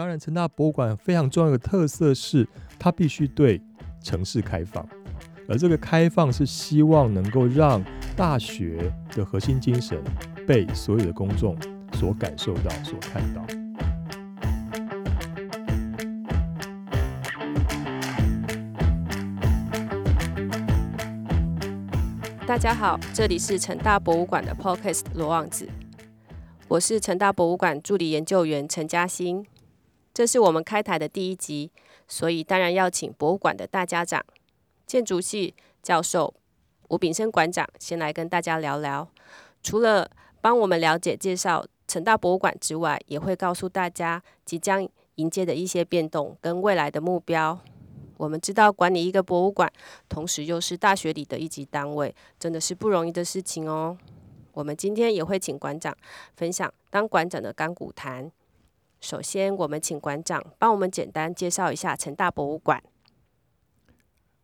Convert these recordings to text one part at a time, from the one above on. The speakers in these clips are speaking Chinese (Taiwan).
當然，成大博物館非常重要的特色是，它必須對城市開放，而這個開放是希望能夠讓大學的核心精神被所有的公眾所感受到、所看到。大家好，這裡是成大博物館的 Podcast 羅望子，我是成大博物館助理研究員陳佳欣。這是我們開台的第一集，所以當然要請博物館的大家長、建築系教授吳秉聲館長先來跟大家聊聊。除了幫我們了解介紹成大博物館之外，也會告訴大家即將迎接的一些變動跟未來的目標。我們知道管理一個博物館，同時又是大學裡的一級單位，真的是不容易的事情哦。我們今天也會請館長分享當館長的甘苦談。首先，我們請館長幫我們簡單介紹一下成大博物館。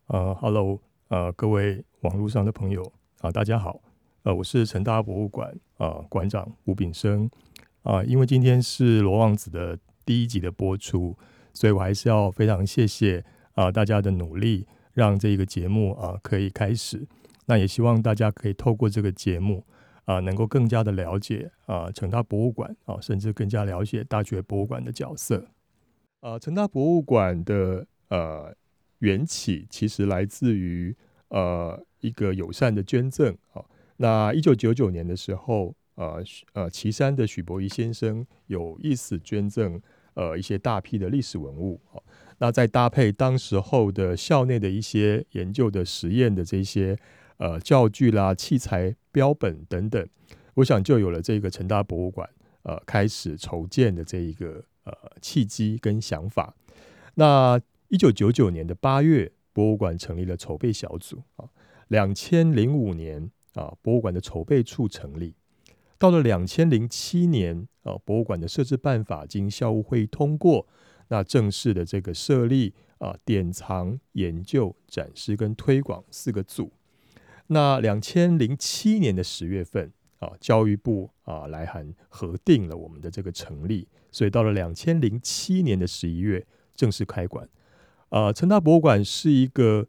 呃，Hello，呃，各位網絡上的朋友啊、呃，大家好，呃，我是成大博物館啊、呃、館長吳秉聲。啊、呃，因為今天是羅旺子的第一集的播出，所以我還是要非常謝謝啊、呃、大家的努力，讓這一個節目啊、呃、可以開始。那也希望大家可以透過這個節目。啊，能夠更加的了解啊，成大博物館啊，甚至更加了解大學博物館的角色。呃，成大博物館的呃緣起其實來自於呃一個友善的捐贈啊、哦。那一九九九年的時候，呃呃，旗山的許伯瑜先生有意思捐贈，呃，一些大批的歷史文物、哦、那再搭配當時候的校內的一些研究的實驗的這些。呃，教具啦、器材、標本等等，我想就有了這個成大博物館呃開始籌建的這一個呃契機跟想法。那一九九九年的八月，博物館成立了籌備小組啊。兩千零五年啊，博物館的籌備處成立。到了兩千零七年啊，博物館的設置辦法經校務會通過，那正式的這個設立啊，典藏、研究、展示跟推廣四個組。那兩千零七年的十月份啊，教育部啊來函核定了我們的這個成立，所以到了兩千零七年的十一月正式開館。呃，成大博物館是一個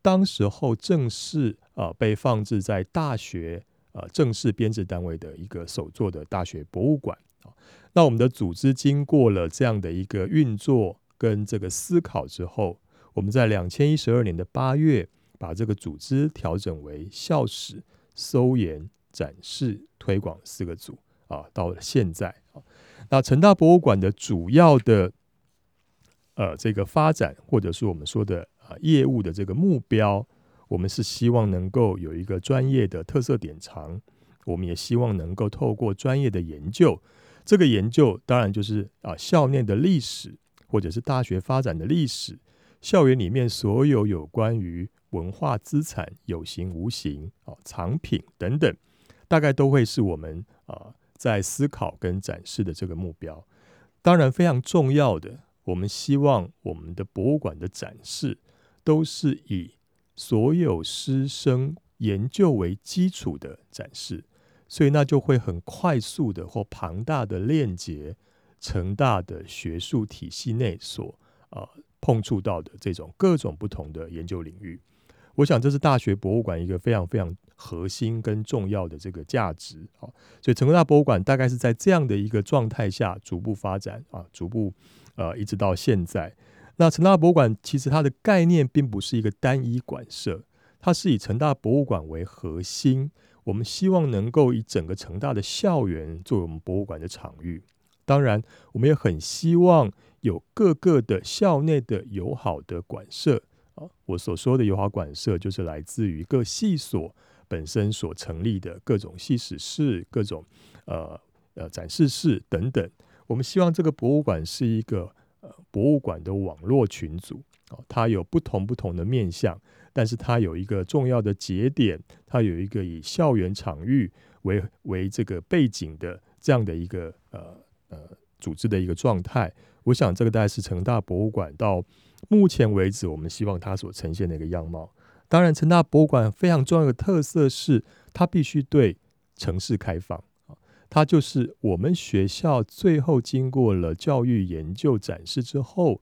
當時候正式啊被放置在大學啊正式編制單位的一個首座的大學博物館啊。那我們的組織經過了這樣的一個運作跟這個思考之後，我們在兩千一十二年的八月。把這個組織調整為校史、搜研、展示、推廣四個組啊。到了現在啊，那成大博物館的主要的呃這個發展，或者是我們說的啊、呃、業務的這個目標，我們是希望能夠有一個專業的特色典藏。我們也希望能夠透過專業的研究，這個研究當然就是啊、呃、校內的歷史，或者是大學發展的歷史。校園裡面所有有關於文化資產、有形無形、藏品、等等，大概都會是我們啊、呃、在思考跟展示的這個目標。當然，非常重要的，我們希望我們的博物館的展示都是以所有師生研究為基礎的展示，所以那就會很快速的或龐大的鏈接成大的學術體系內所啊。呃碰觸到的這種各種不同的研究領域，我想這是大學博物館一個非常非常核心跟重要的這個價值啊。所以成大博物館大概是在這樣的一個狀態下逐步發展啊，逐步呃一直到現在。那成大博物館其實它的概念並不是一個單一館舍，它是以成大博物館為核心，我們希望能夠以整個成大的校園作為我們博物館的場域。當然，我們也很希望。有各個的校內的友好的館舍啊，我所說的友好館舍就是來自於各系所本身所成立的各種系史室，各種呃呃展示室等等。我們希望這個博物館是一個呃博物館的網絡群組啊，呃，它有不同不同的面向，但是它有一個重要的節點，它有一個以校園場域為為這個背景的這樣的一個呃呃組織的一個狀態。我想，這個大概是成大博物館到目前為止我們希望它所呈現的一個樣貌。當然，成大博物館非常重要的特色是，它必須對城市開放啊，它就是我們學校最後經過了教育、研究、展示之後，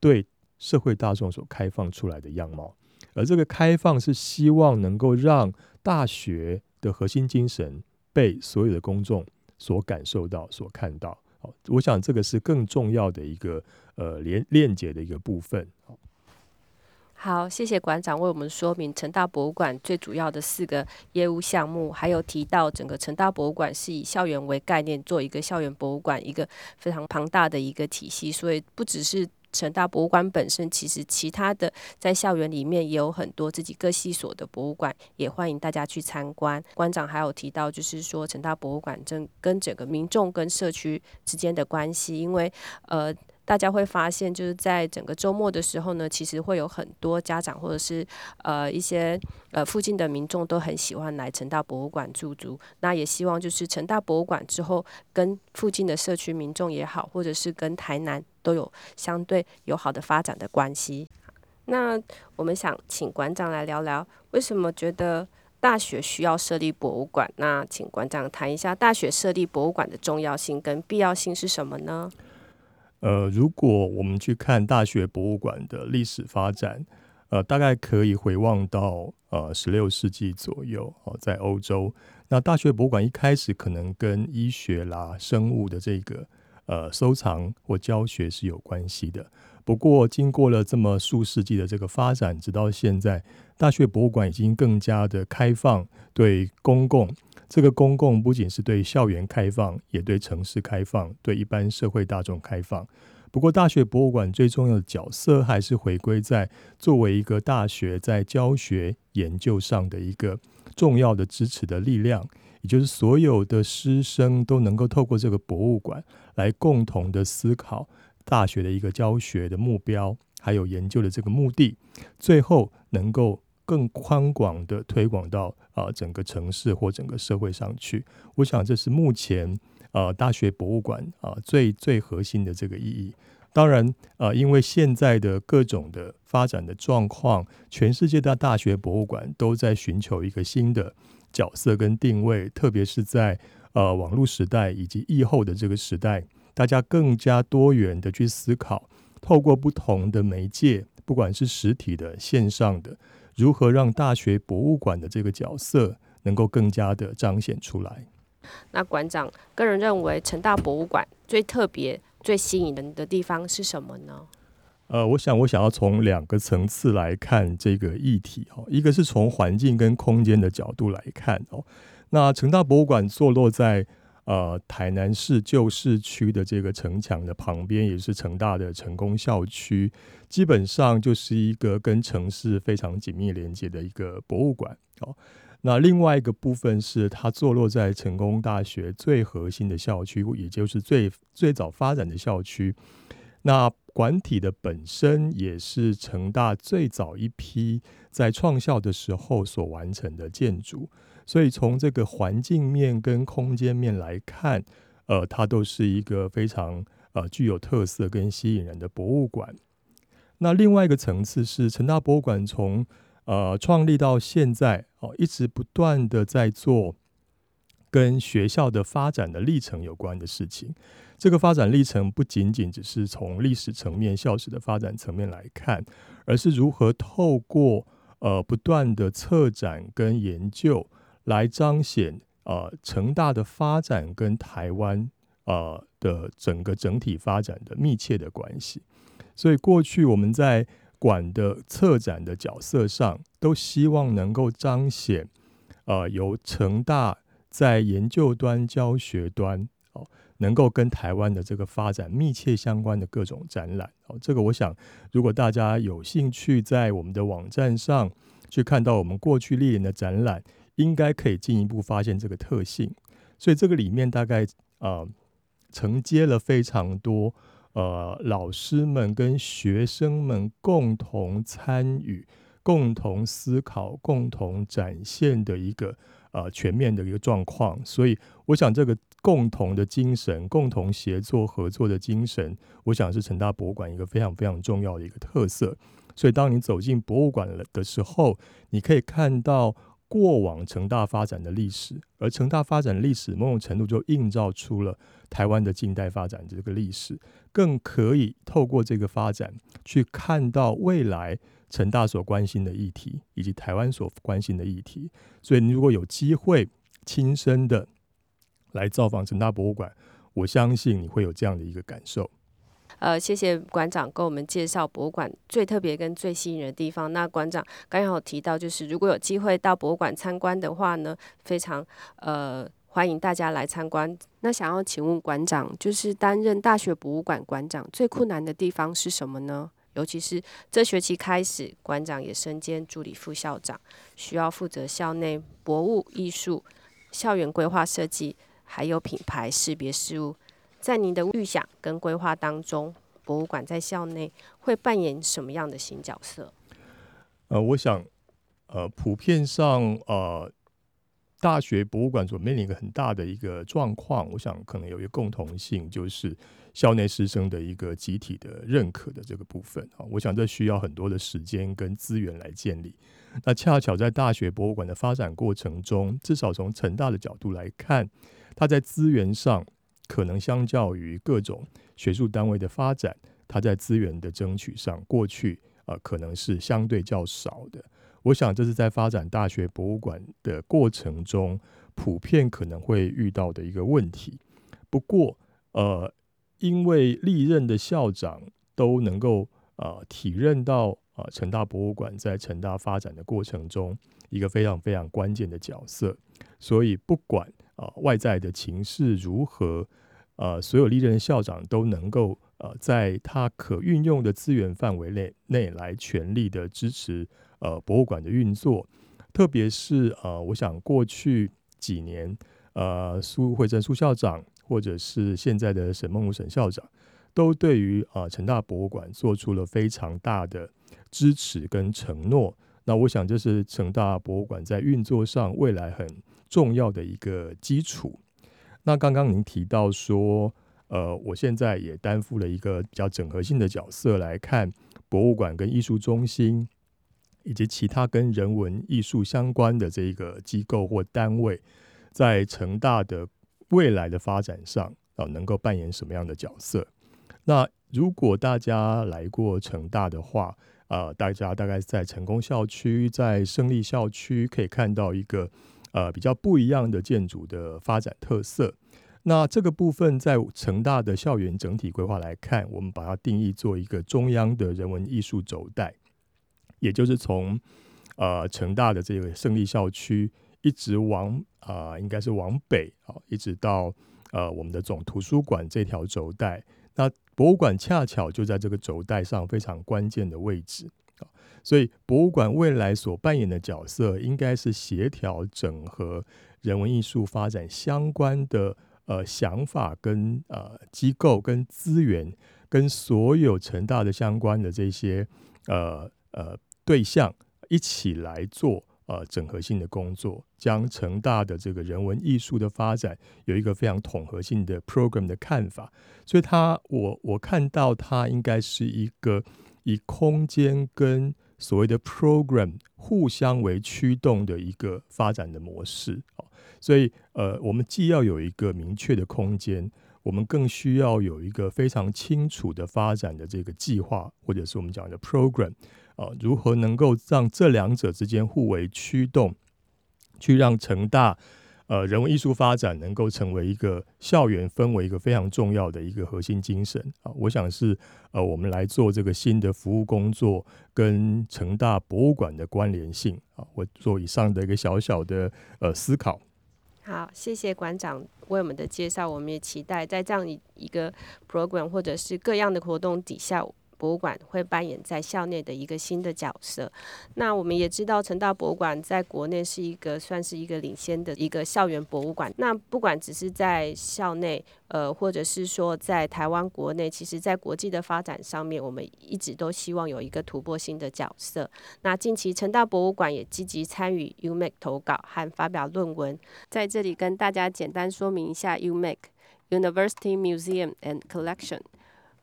對社會大眾所開放出來的樣貌。而這個開放是希望能夠讓大學的核心精神被所有的公眾所感受到、所看到。我想，這個是更重要的一個呃連鏈接的一個部分。好，謝謝館長為我們說明成大博物館最主要的四個業務項目，還有提到整個成大博物館是以校園為概念做一個校園博物館，一個非常龐大的一個體系，所以不只是。成大博物館本身，其實其他的在校園裡面也有很多自己各系所的博物館，也歡迎大家去參觀。館長還有提到，就是說成大博物館跟跟整個民眾跟社區之間的關係，因為呃。大家會發現，就是在整個周末的時候呢，其實會有很多家長或者是呃一些呃附近的民眾都很喜歡來成大博物館駐足。那也希望就是成大博物館之後跟附近的社區民眾也好，或者是跟台南都有相對友好的發展的關係。那我們想請館長來聊聊，為什麼覺得大學需要設立博物館？那請館長談一下大學設立博物館的重要性跟必要性是什麼呢？呃，如果我們去看大學博物館的歷史發展，呃，大概可以回望到呃十六世紀左右哦，在歐洲，那大學博物館一開始可能跟醫學啦、生物的這個。呃，收藏或教學是有關係的。不過，經過了這麼數世紀的這個發展，直到現在，大學博物館已經更加的開放對公共。這個公共不僅是對校園開放，也對城市開放，對一般社會大眾開放。不過，大學博物館最重要的角色還是回歸在作為一個大學在教學研究上的一個重要的支持的力量。也就是所有的師生都能夠透過這個博物館來共同的思考大學的一個教學的目標，還有研究的這個目的，最後能夠更寬廣的推廣到啊整個城市或整個社會上去。我想這是目前啊大學博物館啊最最核心的這個意義。當然啊，因為現在的各種的發展的狀況，全世界的大學博物館都在尋求一個新的。角色跟定位，特別是在呃網絡時代以及疫後的這個時代，大家更加多元的去思考，透過不同的媒介，不管是實體的、線上的，如何讓大學博物館的這個角色能夠更加的彰顯出來。那館長個人認為，成大博物館最特別、最吸引人的地方是什麼呢？呃，我想我想要從兩個層次來看這個議題哦。一個是從環境跟空間的角度來看哦。那成大博物館坐落在呃台南市舊市區的這個城牆的旁邊，也是成大的成功校區，基本上就是一個跟城市非常緊密連接的一個博物館哦。那另外一個部分是它坐落在成功大學最核心的校區，也就是最最早發展的校區。那館體的本身也是成大最早一批在創校的時候所完成的建築，所以從這個環境面跟空間面來看，呃，它都是一個非常呃具有特色跟吸引人的博物館。那另外一個層次是成大博物館從呃創立到現在哦，一直不斷地在做跟學校的發展的歷程有關的事情。這個發展歷程不僅僅只是從歷史層面、校史的發展層面來看，而是如何透過呃不斷的策展跟研究來彰顯啊、呃、成大的發展跟台灣、呃、的整個整體發展的密切的關係。所以過去我們在館的策展的角色上，都希望能夠彰顯啊、呃、由成大在研究端、教學端哦。呃能夠跟台灣的這個發展密切相關的各種展覽，哦，這個我想，如果大家有興趣在我們的網站上去看到我們過去歷年的展覽，應該可以進一步發現這個特性。所以這個裡面大概呃承接了非常多呃老師們跟學生們共同參與、共同思考、共同展現的一個呃全面的一個狀況。所以我想這個。共同的精神，共同協作合作的精神，我想是成大博物館一個非常非常重要的一個特色。所以，當你走進博物館了的時候，你可以看到過往成大發展的歷史，而成大發展歷史某種程度就映照出了台灣的近代發展的這個歷史，更可以透過這個發展去看到未來成大所關心的議題以及台灣所關心的議題。所以，你如果有機會親身的。來造訪成大博物館，我相信你會有這樣的一個感受。呃，謝謝館長給我們介紹博物館最特別跟最吸引人的地方。那館長剛剛有提到，就是如果有機會到博物館參觀的話呢，非常呃歡迎大家來參觀。那想要請問館長，就是擔任大學博物館館長最困難的地方是什麼呢？尤其是這學期開始，館長也身兼助理副校長，需要負責校內博物藝術、校園規劃設計。還有品牌識別事物，在您的預想跟規劃當中，博物館在校內會扮演什麼樣的新角色？呃，我想，呃，普遍上，呃，大學博物館所面臨一個很大的一個狀況，我想可能有一個共同性，就是校內師生的一個集體的認可的這個部分啊。我想這需要很多的時間跟資源來建立。那恰巧在大學博物館的發展過程中，至少從成大的角度來看。他在資源上可能相較於各種學術單位的發展，他在資源的爭取上過去呃可能是相對較少的。我想這是在發展大學博物館的過程中普遍可能會遇到的一個問題。不過，呃，因為歷任的校長都能夠呃體認到呃成大博物館在成大發展的過程中一個非常非常關鍵的角色，所以不管。呃，外在的情勢如何，呃，所有歷任的校長都能夠呃，在他可運用的資源範圍內內來全力的支持呃博物館的運作。特別是呃，我想過去幾年，呃，蘇慧貞蘇校長，或者是現在的沈孟儒沈校長，都對於呃，成大博物館做出了非常大的支持跟承諾。那我想，這是成大博物館在運作上未來很。重要的一個基礎。那剛剛您提到說，呃，我現在也擔負了一個比較整合性的角色，來看博物館跟藝術中心，以及其他跟人文藝術相關的這個機構或單位，在成大的未來的發展上啊、呃，能夠扮演什麼樣的角色？那如果大家來過成大的話，啊、呃，大家大概在成功校區、在勝利校區可以看到一個。呃，比較不一樣的建築的發展特色。那這個部分在成大的校園整體規劃來看，我們把它定義做一個中央的人文藝術軸帶，也就是從呃成大的這個勝利校區一直往啊，呃，應該是往北啊，哦，一直到呃我們的總圖書館這條軸帶。那博物館恰巧就在這個軸帶上非常關鍵的位置。所以博物館未來所扮演的角色，應該是協調整合人文藝術發展相關的呃想法跟呃機構跟資源，跟所有成大的相關的這些呃呃對象一起來做呃整合性的工作，將成大的這個人文藝術的發展有一個非常統合性的 program 的看法。所以，他我我看到他應該是一個以空間跟所謂的 program 互相為驅動的一個發展的模式。所以，呃，我們既要有一個明確的空間，我們更需要有一個非常清楚的發展的這個計劃，或者是我們講的 program 啊，呃，如何能夠讓這兩者之間互為驅動，去讓成大。呃，人文藝術發展能夠成為一個校園氛圍一個非常重要的一個核心精神啊，我想是呃，我們來做這個新的服務工作跟成大博物館的關聯性啊，我做以上的一個小小的呃思考。好，謝謝館長為我們的介紹，我們也期待在這樣一一個 program 或者是各樣的活動底下，博物館會扮演在校內的一個新的角色。那我們也知道，成大博物館在國內是一個算是一個領先的一個校園博物館。那不管只是在校內，呃，或者是說在台灣國內，其實在國際的發展上面，我們一直都希望有一個突破性的角色。那近期，成大博物館也積極參與 UMAC 投稿和發表論文。在這裡跟大家簡單說明一下 UMAC（University Museum and Collection）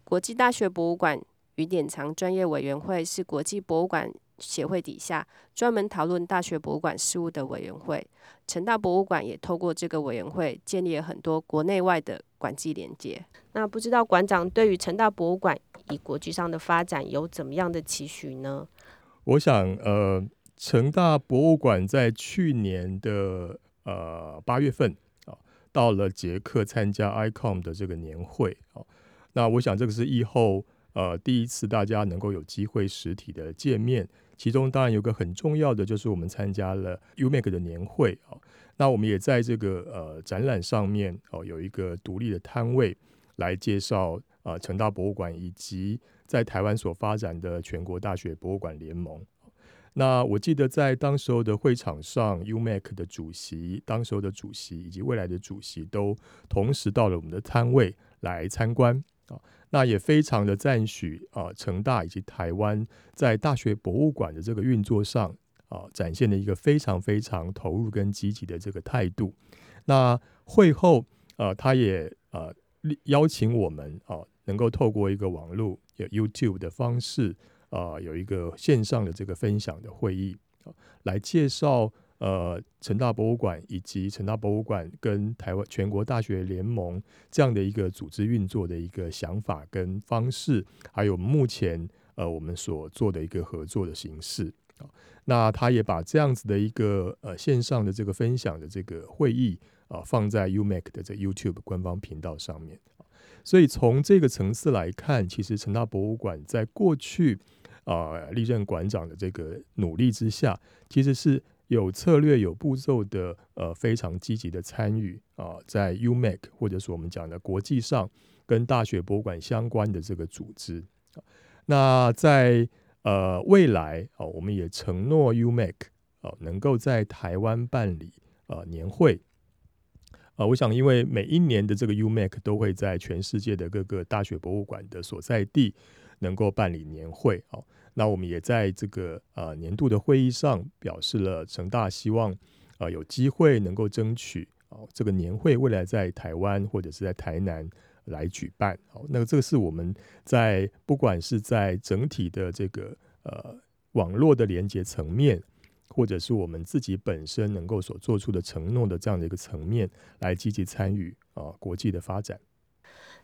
國際大學博物館與典藏專業委員會是國際博物館協會底下專門討論大學博物館事務的委員會。成大博物館也透過這個委員會，建立了很多國內外的館際連接。那不知道館長對於成大博物館以國際上的發展有怎麼樣的期許呢？我想，呃，成大博物館在去年的呃八月份啊，到了捷克參加 ICOM 的這個年會，呃，那我想這個是疫後。呃，第一次大家能夠有機會實體的見面，其中當然有個很重要的就是我們參加了 UMAC 的年會啊、哦。那我們也在這個呃展覽上面哦，有一個獨立的攤位來介紹呃成大博物館以及在台灣所發展的全國大學博物館聯盟。那我記得在當時候的會場上，UMAC 的主席、當時候的主席以及未來的主席都同時到了我們的攤位來參觀。哦、那也非常的讚許啊，成大以及台灣在大學博物館的這個運作上啊、呃，展現了一個非常非常投入跟積極的這個態度。那會後啊、呃，他也啊、呃、邀請我們啊、呃，能夠透過一個網絡有 YouTube 的方式啊、呃，有一個線上的這個分享的會議啊、呃，來介紹。呃，成大博物館以及成大博物館跟台灣全國大學聯盟這樣的一個組織運作的一個想法跟方式，還有目前呃我們所做的一個合作的形式啊，那他也把這樣子的一個呃線上的這個分享的這個會議啊，呃，放在 UMAC 的這 YouTube 官方頻道上面。所以從這個層次來看，其實成大博物館在過去啊，呃，歷任館長的這個努力之下，其實是。有策略、有步驟的，呃，非常積極的參與啊、呃，在 UMAC 或者是我們講的國際上，跟大學博物館相關的這個組織。那在呃未來哦、呃，我們也承諾 UMAC 哦、呃，能夠在台灣辦理呃年會啊、呃。我想，因為每一年的這個 UMAC 都會在全世界的各個大學博物館的所在地能夠辦理年會哦。呃那我們也在這個呃年度的會議上表示了，成大希望，呃有機會能夠爭取，哦這個年會未來在台灣或者是在台南來舉辦，哦那個這個是我們在不管是在整體的這個呃網絡的連接層面，或者是我們自己本身能夠所做出的承諾的這樣的一個層面來積極參與啊、哦、國際的發展。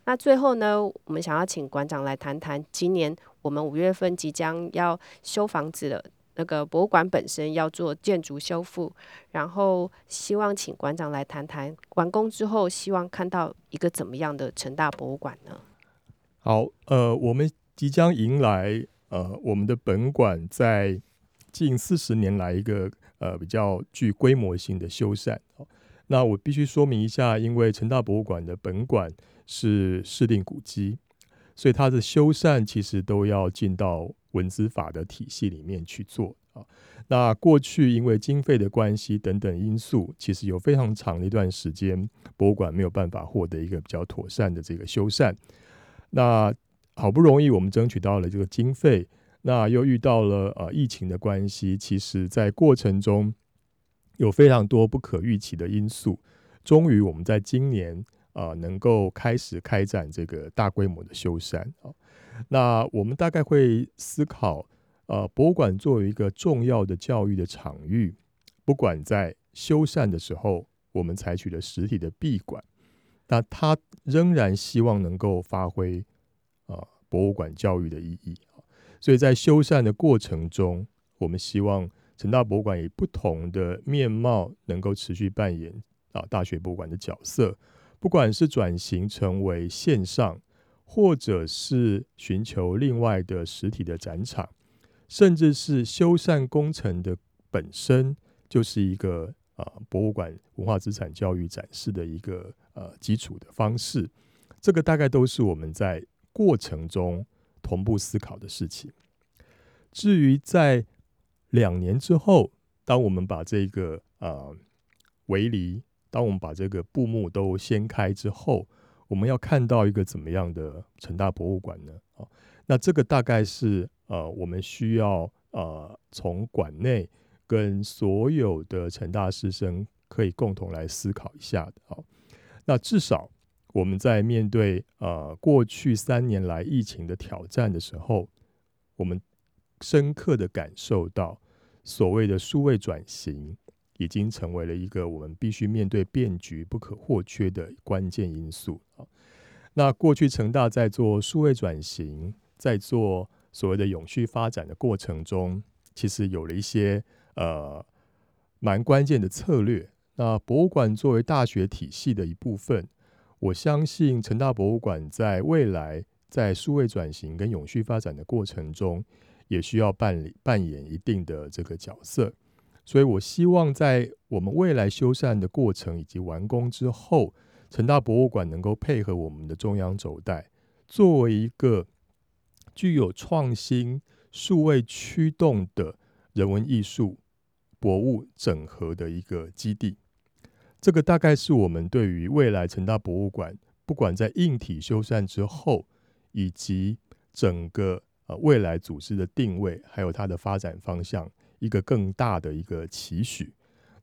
那最後呢，我們想要請館長來談談今年我們五月份即將要修房子的那個博物館本身要做建築修復，然後希望請館長來談談完工之後，希望看到一個怎麼樣的成大博物館呢？好，呃，我們即將迎來呃我們的本館在近四十年來一個呃比較具規模性的修繕。那我必須說明一下，因為成大博物館的本館，是市定古蹟，所以它的修繕其實都要進到文資法的體系裡面去做啊。那過去因為經費的關係等等因素，其實有非常長的一段時間，博物館沒有辦法獲得一個比較妥善的這個修繕。那好不容易我們爭取到了這個經費，那又遇到了呃疫情的關係，其實在過程中有非常多不可預期的因素。終於我們在今年。啊，能夠開始開展這個大規模的修繕啊。那我們大概會思考，呃，博物館作為一個重要的教育的場域，不管在修繕的時候，我們採取了實體的閉館，那它仍然希望能夠發揮啊、呃、博物館教育的意義。所以在修繕的過程中，我們希望成大博物館以不同的面貌，能夠持續扮演啊、呃、大學博物館的角色。不管是轉型成為線上，或者是尋求另外的實體的展場，甚至是修繕工程的本身，就是一個啊、呃、博物館文化資產教育展示的一個呃基礎的方式。這個大概都是我們在過程中同步思考的事情。至於在兩年之後，當我們把這個啊圍籬。呃當我們把這個布幕都掀開之後，我們要看到一個怎麼樣的成大博物館呢？啊，哦，那這個大概是呃，我們需要呃，從館內跟所有的成大師生可以共同來思考一下的。哦，那至少我們在面對呃過去三年來疫情的挑戰的時候，我們深刻地感受到所謂的數位轉型。已經成為了一個我們必須面對變局不可或缺的關鍵因素。那過去成大在做數位轉型，在做所謂的永續發展的過程中，其實有了一些呃蠻關鍵的策略。那博物館作為大學體系的一部分，我相信成大博物館在未來在數位轉型跟永續發展的過程中，也需要辦理扮演一定的這個角色。所以我希望在我們未來修繕的過程以及完工之後，成大博物館能夠配合我們的中央軸帶，作為一個具有創新、數位驅動的人文藝術博物整合的一個基地。這個大概是我們對於未來成大博物館，不管在硬體修繕之後，以及整個呃未來組織的定位，還有它的發展方向。一個更大的一個期許，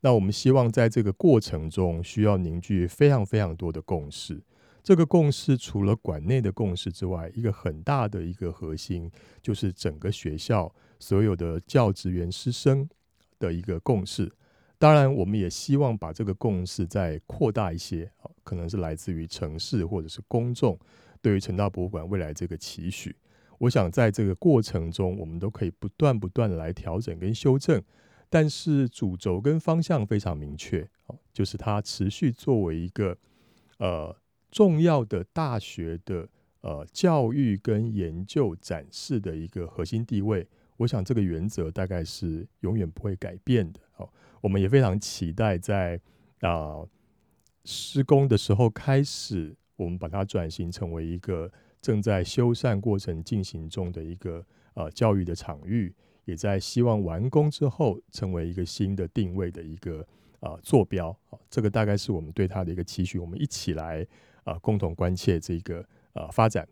那我們希望在這個過程中需要凝聚非常非常多的共識。這個共識除了館內的共識之外，一個很大的一個核心就是整個學校所有的教職員師生的一個共識。當然，我們也希望把這個共識再擴大一些，可能是來自於城市或者是公眾，對於成大博物館未來這個期許。我想在這個過程中，我們都可以不斷、不斷來調整跟修正，但是主軸跟方向非常明確，哦，就是它持續作為一個呃重要的大學的呃教育跟研究展示的一個核心地位。我想這個原則大概是永遠不會改變的。哦，我們也非常期待在啊、呃、施工的時候開始，我們把它轉型成為一個。正在修繕過程進行中的一個呃教育的場域，也在希望完工之後成為一個新的定位的一個呃坐標，這個大概是我們對它的一個期許，我們一起來呃共同關切這個呃發展。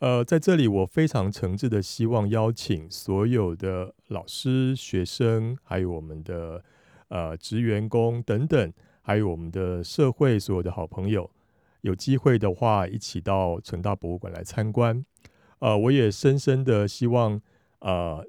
呃，在這裡我非常誠摯的希望邀請所有的老師、學生，還有我們的呃職員工等等，還有我們的社會所有的好朋友。有機會的話，一起到成大博物館來參觀。呃，我也深深的希望，呃，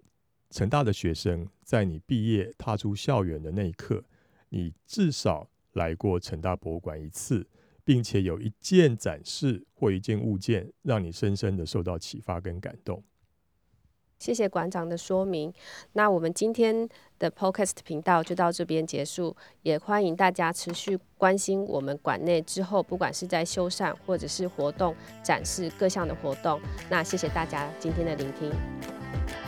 成大的學生在你畢業踏出校園的那一刻，你至少來過成大博物館一次，並且有一件展示或一件物件，讓你深深的受到啟發跟感動。謝謝館長的說明，那我們今天的 Podcast 頻道就到這邊結束，也歡迎大家持續關心我們館內之後，不管是在修繕或者是活動，展示各項的活動。那謝謝大家今天的聆聽。